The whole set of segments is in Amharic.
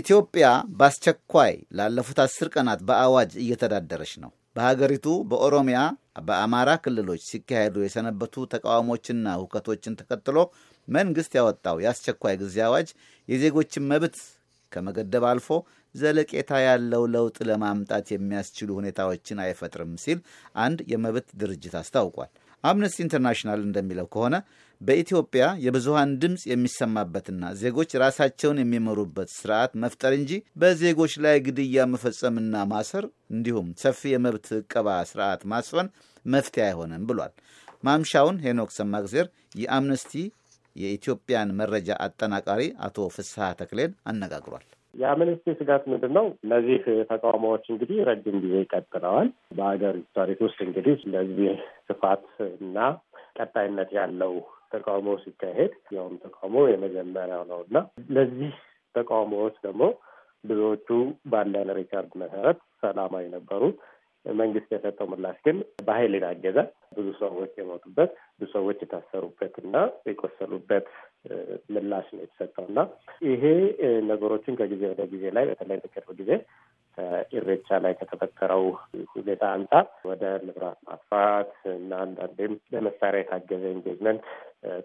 ኢትዮጵያ በአስቸኳይ ላለፉት አስር ቀናት በአዋጅ እየተዳደረች ነው። በሀገሪቱ በኦሮሚያ፣ በአማራ ክልሎች ሲካሄዱ የሰነበቱ ተቃውሞችና ሁከቶችን ተከትሎ መንግሥት ያወጣው የአስቸኳይ ጊዜ አዋጅ የዜጎችን መብት ከመገደብ አልፎ ዘለቄታ ያለው ለውጥ ለማምጣት የሚያስችሉ ሁኔታዎችን አይፈጥርም ሲል አንድ የመብት ድርጅት አስታውቋል። አምነስቲ ኢንተርናሽናል እንደሚለው ከሆነ በኢትዮጵያ የብዙሃን ድምፅ የሚሰማበትና ዜጎች ራሳቸውን የሚመሩበት ስርዓት መፍጠር እንጂ በዜጎች ላይ ግድያ መፈጸምና ማሰር እንዲሁም ሰፊ የመብት እቀባ ስርዓት ማስፈን መፍትሄ አይሆንም ብሏል። ማምሻውን ሄኖክ ሰማግዜር የአምነስቲ የኢትዮጵያን መረጃ አጠናቃሪ አቶ ፍስሐ ተክሌን አነጋግሯል። የአምነስቲ ስጋት ምንድን ነው? እነዚህ ተቃውሞዎች እንግዲህ ረጅም ጊዜ ቀጥለዋል። በሀገር ታሪክ ውስጥ እንግዲህ ለዚህ ስፋት እና ቀጣይነት ያለው ተቃውሞ ሲካሄድ ያውም ተቃውሞ የመጀመሪያው ነው እና ለዚህ ተቃውሞዎች ደግሞ ብዙዎቹ ባለን ሪከርድ መሰረት ሰላማዊ ነበሩ። መንግስት የሰጠው ምላሽ ግን በኃይል የታገዘ ብዙ ሰዎች የሞቱበት፣ ብዙ ሰዎች የታሰሩበት እና የቆሰሉበት ምላሽ ነው የተሰጠው እና ይሄ ነገሮችን ከጊዜ ወደ ጊዜ ላይ በተለይ በቅርብ ጊዜ ኢሬቻ ላይ ከተፈጠረው ሁኔታ አንጻር ወደ ንብረት ማጥፋት እና አንዳንዴም በመሳሪያ የታገዘ ኢንጌጅመንት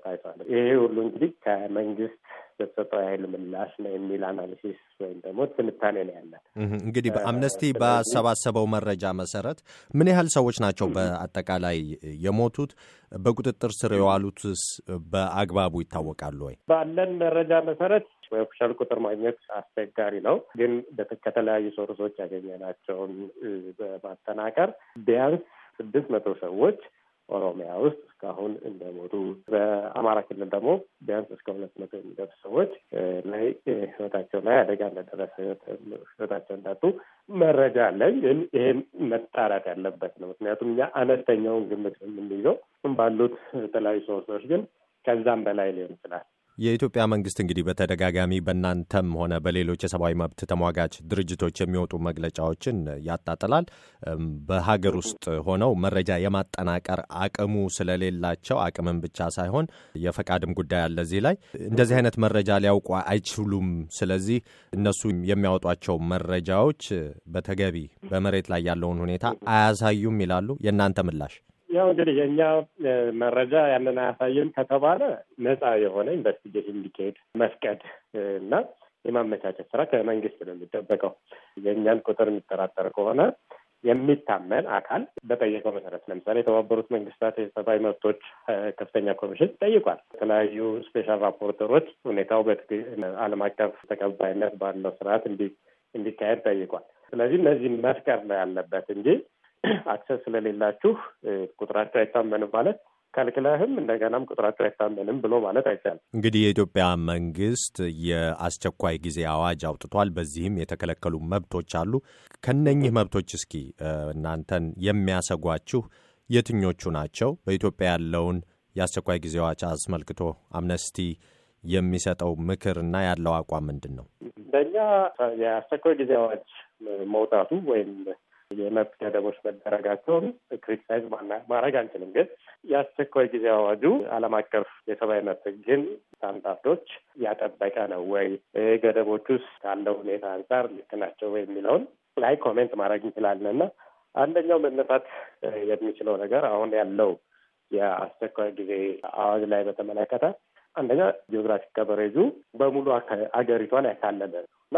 ታይቷል። ይሄ ሁሉ እንግዲህ ከመንግስት የተሰጠው የኃይል ምላሽ ነው የሚል አናሊሲስ ወይም ደግሞ ትንታኔ ነው ያለን። እንግዲህ በአምነስቲ ባሰባሰበው መረጃ መሰረት ምን ያህል ሰዎች ናቸው በአጠቃላይ የሞቱት? በቁጥጥር ስር የዋሉትስ በአግባቡ ይታወቃሉ ወይ? ባለን መረጃ መሰረት ኦፊሻል ቁጥር ማግኘት አስቸጋሪ ነው። ግን ከተለያዩ ሶርሶች ያገኘናቸውን በማጠናቀር ቢያንስ ስድስት መቶ ሰዎች ኦሮሚያ ውስጥ እስካሁን እንደሞቱ በአማራ ክልል ደግሞ ቢያንስ እስከ ሁለት መቶ የሚደርስ ሰዎች ላይ ህይወታቸው ላይ አደጋ እንደደረሰ ህይወታቸው እንዳጡ መረጃ አለን። ግን ይሄን መጣራት ያለበት ነው። ምክንያቱም እኛ አነስተኛውን ግምት የምንይዘው ባሉት የተለያዩ ሰዎች ግን ከዛም በላይ ሊሆን ይችላል። የኢትዮጵያ መንግስት እንግዲህ በተደጋጋሚ በእናንተም ሆነ በሌሎች የሰብአዊ መብት ተሟጋች ድርጅቶች የሚወጡ መግለጫዎችን ያጣጥላል። በሀገር ውስጥ ሆነው መረጃ የማጠናቀር አቅሙ ስለሌላቸው አቅምን ብቻ ሳይሆን የፈቃድም ጉዳይ አለ እዚህ ላይ እንደዚህ አይነት መረጃ ሊያውቁ አይችሉም። ስለዚህ እነሱ የሚያወጧቸው መረጃዎች በተገቢ በመሬት ላይ ያለውን ሁኔታ አያሳዩም ይላሉ። የእናንተ ምላሽ? ያው እንግዲህ የእኛ መረጃ ያንን አያሳይም ከተባለ ነፃ የሆነ ኢንቨስቲጌሽን እንዲካሄድ መፍቀድ እና የማመቻቸት ስራ ከመንግስት ነው የሚጠበቀው። የእኛን ቁጥር የሚጠራጠር ከሆነ የሚታመን አካል በጠየቀው መሰረት ለምሳሌ የተባበሩት መንግስታት የሰብአዊ መብቶች ከፍተኛ ኮሚሽን ጠይቋል። የተለያዩ ስፔሻል ራፖርተሮች ሁኔታው በዓለም አቀፍ ተቀባይነት ባለው ስርዓት እንዲካሄድ ጠይቋል። ስለዚህ እነዚህ መፍቀር ነው ያለበት እንጂ አክሰስ ስለሌላችሁ ቁጥራቸው አይታመንም ማለት ከልክለህም እንደገናም ቁጥራቸው አይታመንም ብሎ ማለት አይቻልም። እንግዲህ የኢትዮጵያ መንግስት የአስቸኳይ ጊዜ አዋጅ አውጥቷል። በዚህም የተከለከሉ መብቶች አሉ። ከነኚህ መብቶች እስኪ እናንተን የሚያሰጓችሁ የትኞቹ ናቸው? በኢትዮጵያ ያለውን የአስቸኳይ ጊዜ አዋጅ አስመልክቶ አምነስቲ የሚሰጠው ምክርና ያለው አቋም ምንድን ነው? በእኛ የአስቸኳይ ጊዜ አዋጅ መውጣቱ ወይም የመብት ገደቦች መደረጋቸውን ክሪቲሳይዝ ማድረግ አንችልም። ግን የአስቸኳይ ጊዜ አዋጁ ዓለም አቀፍ የሰብአዊ መብት ግን ስታንዳርዶች ያጠበቀ ነው ወይ፣ ገደቦች ውስጥ ካለው ሁኔታ አንጻር ልክ ናቸው የሚለውን ላይ ኮሜንት ማድረግ እንችላለን እና አንደኛው መነሳት የሚችለው ነገር አሁን ያለው የአስቸኳይ ጊዜ አዋጅ ላይ በተመለከተ አንደኛ ጂኦግራፊክ ከበሬጁ በሙሉ አገሪቷን ያካለለ ነው እና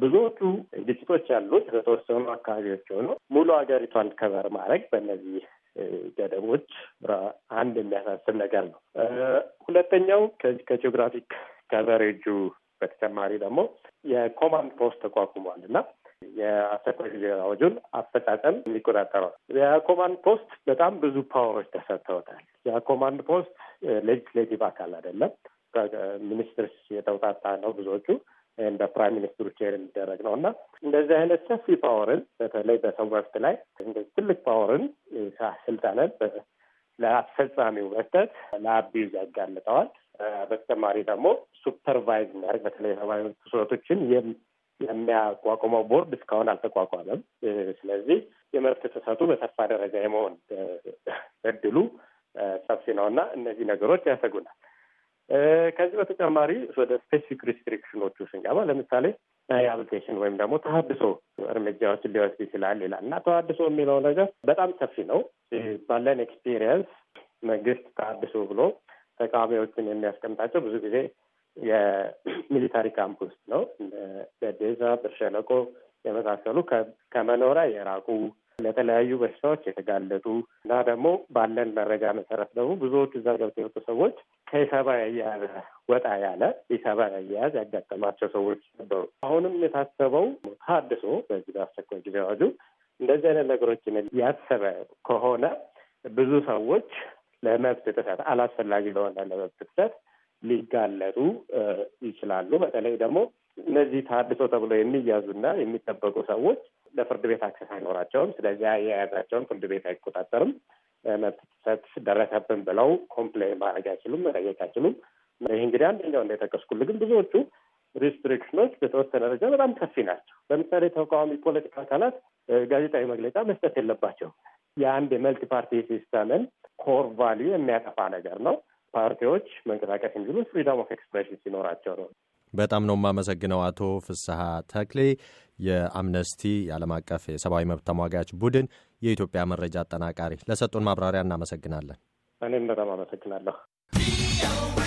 ብዙዎቹ ግጭቶች ያሉት በተወሰኑ አካባቢዎች የሆኑ ሙሉ ሀገሪቷን ከበር ማድረግ በእነዚህ ገደቦች አንድ የሚያሳስብ ነገር ነው። ሁለተኛው ከጂኦግራፊክ ከቨሬጁ በተጨማሪ ደግሞ የኮማንድ ፖስት ተቋቁሟል እና የአስቸኳይ ጊዜ አዋጁን አፈጻጸም የሚቆጣጠረው የኮማንድ ፖስት በጣም ብዙ ፓወሮች ተሰጥተውታል። የኮማንድ ፖስት ሌጅስሌቲቭ አካል አይደለም። ሚኒስትርስ የተውጣጣ ነው። ብዙዎቹ እንደ ፕራይም ሚኒስትሩ ቼር የሚደረግ ነው እና እንደዚህ አይነት ሰፊ ፓወርን በተለይ በሰው መብት ላይ ትልቅ ፓወርን ስልጣንን ለአስፈጻሚው መስጠት ለአቢዩዝ ያጋልጠዋል። በተጨማሪ ደግሞ ሱፐርቫይዝ የሚያደርግ በተለይ ሰብአዊ መብት ጥሰቶችን የሚያቋቁመው ቦርድ እስካሁን አልተቋቋመም። ስለዚህ የመብት ጥሰቱ በሰፋ ደረጃ የመሆን እና እነዚህ ነገሮች ያሰጉናል። ከዚህ በተጨማሪ ወደ ስፔሲፊክ ሪስትሪክሽኖቹ ስንገባ ለምሳሌ ሪሃብሊቴሽን ወይም ደግሞ ተሀድሶ እርምጃዎች ሊወስድ ይችላል ይላል እና ተሀድሶ የሚለው ነገር በጣም ሰፊ ነው። ባለን ኤክስፒሪየንስ መንግስት ተሀድሶ ብሎ ተቃዋሚዎችን የሚያስቀምጣቸው ብዙ ጊዜ የሚሊታሪ ካምፕ ውስጥ ነው። በዴዛ ብርሸለቆ የመሳሰሉ ከመኖሪያ የራቁ ለተለያዩ በሽታዎች የተጋለጡ እና ደግሞ ባለን መረጃ መሰረት ደግሞ ብዙዎቹ እዛ ገብተው የወጡ ሰዎች ከኢሰባ ያያያዝ ወጣ ያለ ኢሰባ ያያያዝ ያጋጠማቸው ሰዎች ነበሩ። አሁንም የታሰበው ታድሶ በዚህ በአስቸኳይ ጊዜ አዋጁ እንደዚህ አይነት ነገሮችን ያሰበ ከሆነ ብዙ ሰዎች ለመብት ጥሰት አላስፈላጊ ለሆነ ለመብት ጥሰት ሊጋለጡ ይችላሉ። በተለይ ደግሞ እነዚህ ታድሶ ተብሎ የሚያዙና የሚጠበቁ ሰዎች ለፍርድ ቤት አክሰስ አይኖራቸውም። ስለዚያ የያዛቸውን ፍርድ ቤት አይቆጣጠርም። መብት ጥሰት ደረሰብን ብለው ኮምፕሌን ማድረግ አይችሉም፣ መጠየቅ አይችሉም። ይህ እንግዲህ አንደኛው እንደጠቀስኩልህ፣ ግን ብዙዎቹ ሪስትሪክሽኖች በተወሰነ ደረጃ በጣም ሰፊ ናቸው። ለምሳሌ ተቃዋሚ ፖለቲካ አካላት ጋዜጣዊ መግለጫ መስጠት የለባቸው የአንድ የመልቲ ፓርቲ ሲስተምን ኮር ቫሊዩ የሚያጠፋ ነገር ነው። ፓርቲዎች መንቀሳቀስ የሚችሉት ፍሪደም ኦፍ ኤክስፕሬሽን ሲኖራቸው ነው። በጣም ነው የማመሰግነው አቶ ፍስሐ ተክሌ የአምነስቲ የዓለም አቀፍ የሰብአዊ መብት ተሟጋች ቡድን የኢትዮጵያ መረጃ አጠናቃሪ ለሰጡን ማብራሪያ እናመሰግናለን። እኔም በጣም አመሰግናለሁ።